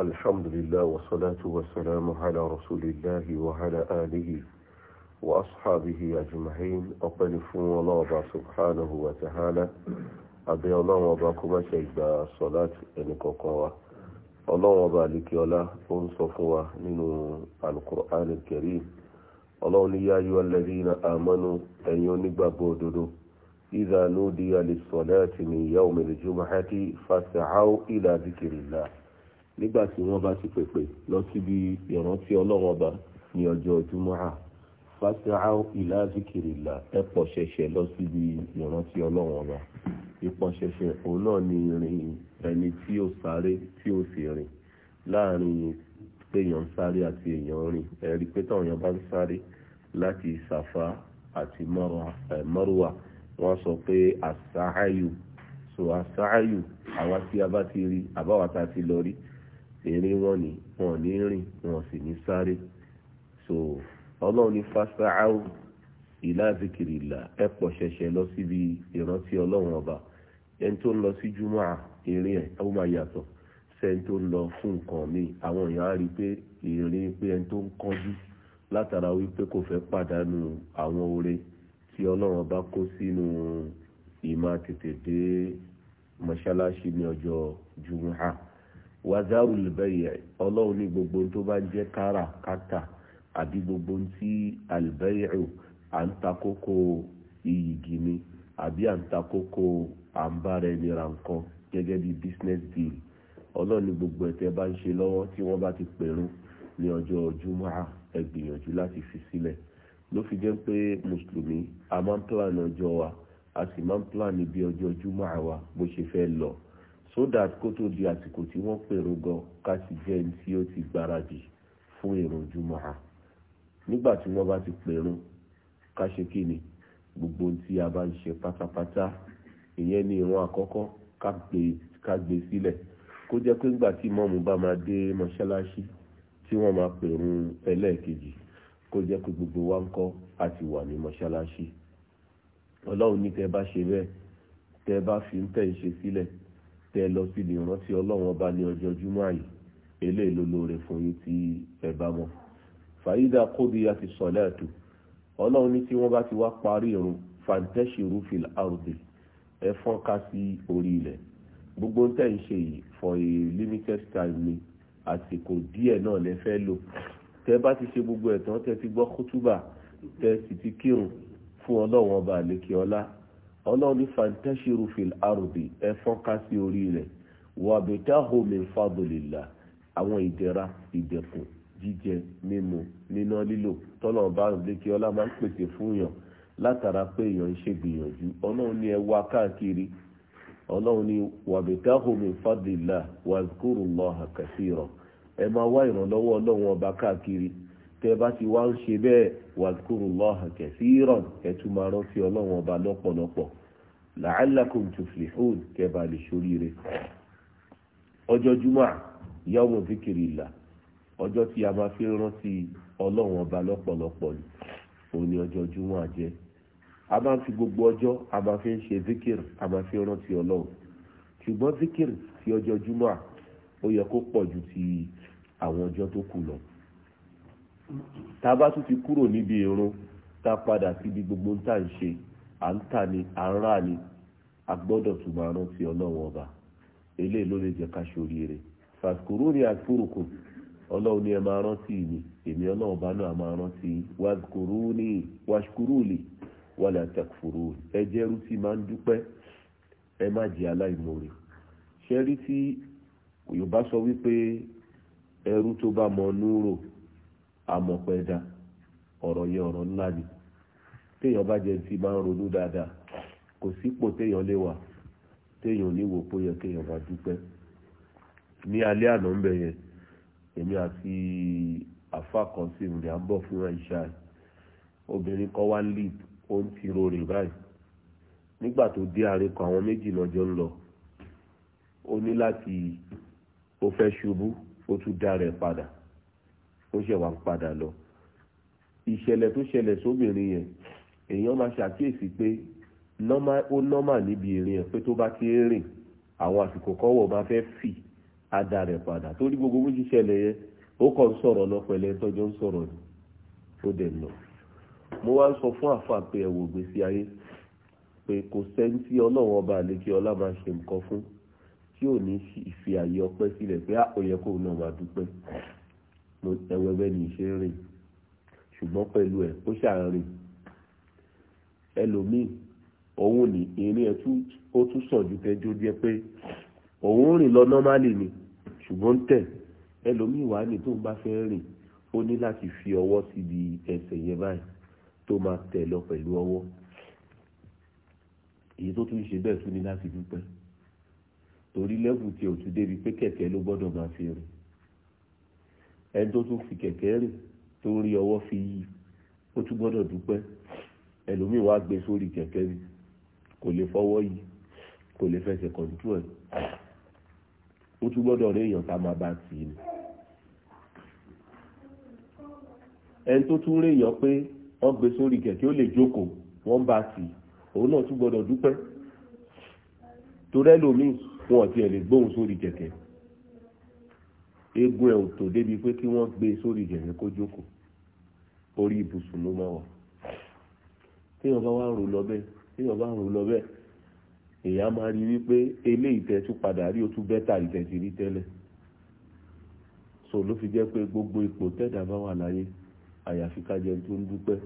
الحمد لله والصلاة والسلام على رسول الله وعلى آله وأصحابه أجمعين أقل فون الله سبحانه وتعالى أبي الله وباكما شيبا الصلاة أنكوكوا الله وبالك يولا أنصفوا من القرآن الكريم الله يا أيها الذين آمنوا أن ينبا بودلو إذا نودي للصلاة من يوم الجمعة فاسعوا إلى ذكر الله nígbà tí wọ́n bá ti pèpè lọ síbi ìrántí ọlọ́run ọba ní ọjọ́ jumu'a fasi'au ila zikrillah ẹ pọ̀ ṣẹ̀ṣẹ̀ lọ síbi ìrántí ọlọ́run ọba ìpọ̀ ṣẹ̀ṣẹ̀ òun náà ni ìrìn ẹni tí ó sáré tí ó sì rìn láàrin èèyàn sáré àti èèyàn rìn ẹ̀rí pé táwọn èèyàn bá ń sáré láti Safa àti Marwa wọ́n sọ pé àṣàáyù so àṣàáyù àwa tí a bá ti rí àbáwá ti lọ rí eré wọn ni wọn ò ní rìn wọn sì ní sáré so ọlọ́run ní fásitì ìlà zikirìlà ẹ pọ̀ ṣẹ̀ṣẹ̀ lọ síbi ìrántí ọlọ́run ọba ẹni tó ń lọ sí júmọ́ eré ẹ̀ ó máa yàtọ̀ sẹ́ni tó ń lọ fún nǹkan míì àwọn èèyàn á rí i pé èrè pé ẹni tó ń kánjú látara wípé kò fẹ́ pàdánù àwọn oore tí ọlọ́run ọba kó sínú ìmọ̀ tètè dé mọ́ṣáláṣí ní ọjọ́ júmọ́ wàzáàrù lùbẹ́yẹ ọlọ́run ní gbogbo tó bá jẹ́ káràkátà àbí gbogbo tí àlùbẹ́yẹ à ń ta kókó iyìgì ni àbí à ń ta kókó à ń bára ẹni ra nǹkan gẹ́gẹ́ bí business deal ọlọ́run ní gbogbo ẹ̀tẹ́ bá ń ṣe lọ́wọ́ tí wọ́n bá ti pẹ̀rún ní ọjọ́ júmọ́ ẹ gbìyànjú láti fi sílẹ̀ ló fi jẹ́ pé mùsùlùmí a máa ń plan ọjọ́ wa a sì máa ń plan níbi ọjọ́ júmọ́ àwa bó ṣe fẹ́ lọ so that kó tó di àsìkò tí wọ́n pèrò gan ká sì jẹ́ ẹni tí ó ti gbáradì fún ìrun jùmọ̀ha nígbà tí wọ́n bá ti pèrun ká ṣe kí ni gbogbo ohun tí a bá ń ṣe pátápátá ìyẹn ni ìrun àkọ́kọ́ ká gbé sílẹ̀ kó jẹ́ pé nígbà tí mọ́mù bá máa dé mọ́ṣáláṣí tí wọ́n máa pèrun ẹlẹ́ẹ̀kejì kó jẹ́ pé gbogbo wa ń kọ́ àti wà ní mọ́ṣáláṣí ọlọ́run ní tẹ́ bá ṣe bẹ́ẹ̀ tẹ́ bá fi ń tẹ̀ ń ṣe sílẹ̀ tẹ lọ síbi ìrántí ọlọ́run ọba ní ọjọ́ júmọ́ àyè eléyìí ló lóore fún yín tí ẹ bá mọ̀. fàyídà kóbi àti sọ̀lẹ́ẹ̀tù ọlọ́run ní tí wọ́n bá ti wá parí irun fàǹtẹ́sì rúfin àrùbí ẹ fọ́nká sí orí ilẹ̀ gbogbo ń tẹ̀ ń ṣe yìí for a limited time ni àsìkò díẹ̀ náà lẹ fẹ́ lò tẹ bá ti ṣe gbogbo ẹ̀ tẹ ti gbọ́ kútúbà tẹ sì ti kírun fún ọlọ́run ọba àlekè ọlá ọlọ́run ní fantashiru fil ardi ẹ fọ́nká sí orí rẹ̀ wabtahu min fadlillah àwọn ìdẹ̀ra ìdẹ̀kùn jíjẹ mímu níná lílò tọ́lọ̀ bá lékè ọlá máa ń pèsè fún yàn látara pé èèyàn ń ṣègbìyànjú ọlọ́run ní ẹ wá káàkiri ọlọ́run ní wabtahu min fadlillah wazkurullaha kathira ẹ máa wá ìrànlọ́wọ́ ọlọ́run ọba káàkiri tẹ́ bá ti wá ń ṣe bẹ́ẹ̀ wadhkurullaha kathiran ẹ tún máa rántí ọlọ́run ọba lọ́pọ̀lọpọ̀ la'allakum tuflihun kẹ́ bá lè ṣoríire ọjọ́ jumá yawmu dhikrillah ọjọ́ tí a máa fi rántí ọlọ́run ọba lọ́pọ̀lọpọ̀ ni òun ni ọjọ́ jumá jẹ́ a máa fi gbogbo ọjọ́ a máa fi ń ṣe zikir a máa fi rántí ọlọ́run ṣùgbọ́n zikir ti ọjọ́ jumá ó yẹ kó pọ̀ ju ti àwọn ọjọ́ tó kù lọ tá a bá tún ti kúrò níbi irun tá a padà síbi gbogbo ń tà ń ṣe à ń tà ní à ń rà ní a gbọ́dọ̀ tún máa rántí ọlọ́run ọba eléyìí ló lè jẹ́ ká ṣoríire fàkúrú ni àkúrùkù ọlọ́run ni ẹ máa rántí mi èmi ọlọ́run bá náà máa rántí wàkúrú ni wàkúrú lè wàlẹ̀ àtàkùfòrò ẹ jẹ́ ẹrú tí máa ń dúpẹ́ ẹ má jẹ́ aláìmoore ṣẹ́rí tí Yorùbá sọ wípé ẹrú tó bá mọ núrò amọ̀pẹja ọ̀rọ̀ yẹn ọ̀rọ̀ ńlá ni téèyàn bá jẹ ti máa ń ronú dáadáa kò sípò téèyàn lè wà téèyàn ní wò pé yẹ kéèyàn máa dúpẹ́ ní alẹ́ àná ń bẹ̀ yẹn èmi àti àfa kan sí ìrìn à ń bọ̀ fún àìsà obìnrin kan wá lead ó ń tiro rè báyìí nígbà tó dé àárẹ̀ kan àwọn méjì lọ́jọ́ ń lọ ó ní láti ó fẹ́ ṣubú ó tún dá rẹ̀ padà ó ṣe wà padà lọ ìṣẹ̀lẹ̀ tó ṣẹlẹ̀ sóbìnrin yẹn èèyàn máa ṣàkíyèsí pé ó nọ́mà níbi ìrìn ẹ̀ pé tó bá ti ń rìn àwọn àsìkò kọ́wọ̀ máa fẹ́ fì á da rẹ̀ padà torí gbogbo bó ṣe ṣẹlẹ̀ yẹn ó kàn ń sọ̀rọ̀ lọ pẹ̀lẹ́ tọ́jọ́ ń sọ̀rọ̀ ni ó dẹ̀ lọ. mo wá ń sọ fún àfa pé ẹ̀wò gbèsè ayé pé kò sẹ́ni tí ọba àlekí ọlá máa ṣe nǹkan fún tí ò ní fi ọpẹ́ sílẹ̀ pé ah, ó yẹ kóun náà máa dúpẹ́ ẹwẹ́ bẹ́ẹ̀ ní ṣe ń rìn ṣùgbọ́n pẹ̀lú ẹ̀ ó ṣàárín ẹlòmíì òun ní ìrìn ẹ̀ ó tún sàn ju tẹjọ́ jẹ́ pé òun rìn lọ nọ́málì ni ṣùgbọ́n ń tẹ̀ ẹlòmíì wà ní tóun bá fẹ́ rìn ó ní láti fi ọwọ́ síbi ẹsẹ̀ yẹn báyìí tó máa tẹ̀ lọ pẹ̀lú ọwọ́ èyí tó tún ṣe bẹ́ẹ̀ tún ní láti dúpẹ́ torí lẹ́bù tí òtún débi pé kẹ̀kẹ́ ló gbọ́dọ̀ máa fi rìn ẹni tó tún fi kẹ̀kẹ́ rìn tó rí ọwọ́ fi yí ó tún gbọ́dọ̀ dúpẹ́ ẹlòmíì wá gbé sórí kẹ̀kẹ́ ni kò lè fọwọ́ yí kò lè fẹsẹ̀ kọ̀ǹtú ẹ̀ ó tún gbọ́dọ̀ rí èèyàn tá a máa bá tì í ni. ẹni tó tún rí èèyàn pé wọ́n gbé sórí kẹ̀kẹ́ ó lè jókòó wọ́n bá tì í òun náà tún gbọ́dọ̀ dúpẹ́ torí ẹlòmíì wọn ò tiẹ̀ lè gbóhùn sórí kẹ̀kẹ́ eegun ẹ̀ ò tó débi pé kí wọ́n gbé e sórí ìjẹ̀rẹ̀ kó jókòó orí ibùsùn ló máa wà téèyàn bá wà rò lọ bẹ́ẹ̀ téèyàn bá rò lọ bẹ́ẹ̀ èèyàn máa rí wípé eléyìí tẹ́ tún padà rí o tún bẹ́tà ìtẹ̀sí rí tẹ́lẹ̀ so ló fi jẹ́ pé gbogbo ipò tẹ́dà bá wà láyé àyàfi kájẹ tó ń dúpẹ́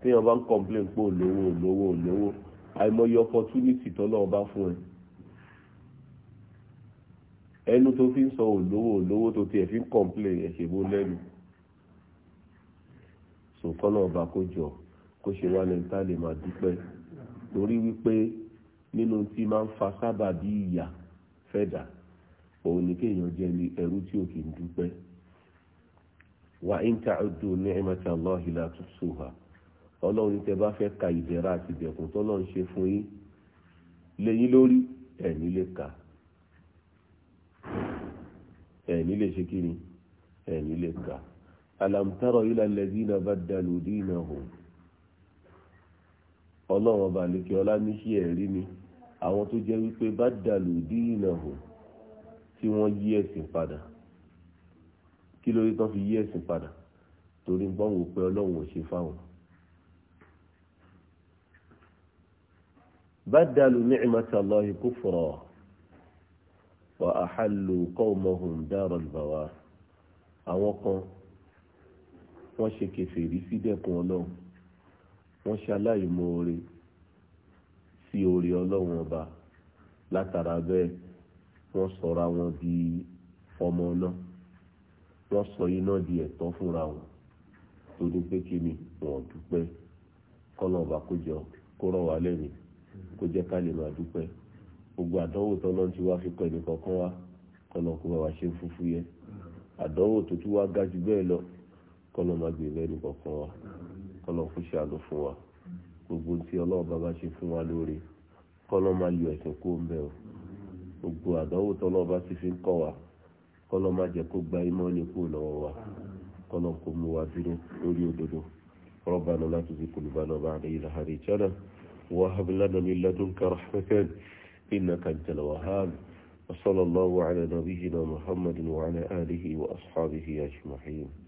téèyàn bá ń complain pé olówó olówó olówó àìmọye opportunity tọ́lọ́wọ́ bá fún ẹ ẹnu tó fi ń sọ olówó olówó tó tiẹ̀ fi ń kọ̀ǹpilẹ̀ ẹ̀ṣẹ̀ lẹ́nu sòkànnà ọba kó jọ kó ṣe wá lẹ́nu tá a lè máa dúpẹ́ torí wípé nínú tí máa ń fa sábà bí ìyà fẹ́dà òun ni kéèyàn jẹ́ ní ẹrú tí ò kì í dúpẹ́ wà ń ta ọdún ní ẹ̀mẹ́ta Allahi la tuhsuha ọlọ́run tẹ bá fẹ́ ka ìdẹ̀ra àti ìdẹ̀kùn tọ́lọ́run ṣe fún yín lẹ́yìn lórí ka. ẹ̀ní lè ṣe kí ni ẹ̀ní lè kà alam tara ila alladhina baddalu dinahum ọlọ́run ọba àlekè ọlá ní sí ẹ̀rí ni àwọn tó jẹ́ wípé baddalu dinahum tí wọ́n yí ẹ̀sìn padà kí lórí tán fi yí ẹ̀sìn padà torí ń bọ́n wò pé ọlọ́run ò ṣe fáwọn. baddalu ni'matallahi kufra. wa àhálù qawmahum daral bawar àwọn kan wọ́n si kèfèrí sídẹ̀kùn ọlọ́run wọ́n ṣe aláìmoore sí oore ọlọ́run ọba latara bẹ́ẹ̀ wọ́n wọn di ọmọ náà wọ́n sọ iná di ẹ̀tọ́ wọn torí pé gbogbo àdánwò tọ́lọ́ ti wá fi pẹ̀lú kọ̀ọ̀kan wa kọ́nà kó bá wa ṣe fúfú yẹ àdánwò tó tún wá ga jù bẹ́ẹ̀ lọ kọ́nà má gbé lẹ́nu kọ̀ọ̀kan wa kọ́nà kó ṣàánú fún wa gbogbo tí ọlọ́run bá bá ṣe fún wa lóore kọ́nà má yọ ẹ̀sìn kó ń bẹ̀ o gbogbo àdánwò tọ́lọ́run bá ti fi ń kọ́ wa kọ́nà má jẹ́ kó gba imọ́ ní kó lọ́wọ́ wa kọ́nà kó mú wa dúró lórí òdodo ربنا لا تزغ قلوبنا بعد إنك أنت الوهاب وصلى الله على نبينا محمد وعلى آله وأصحابه أجمعين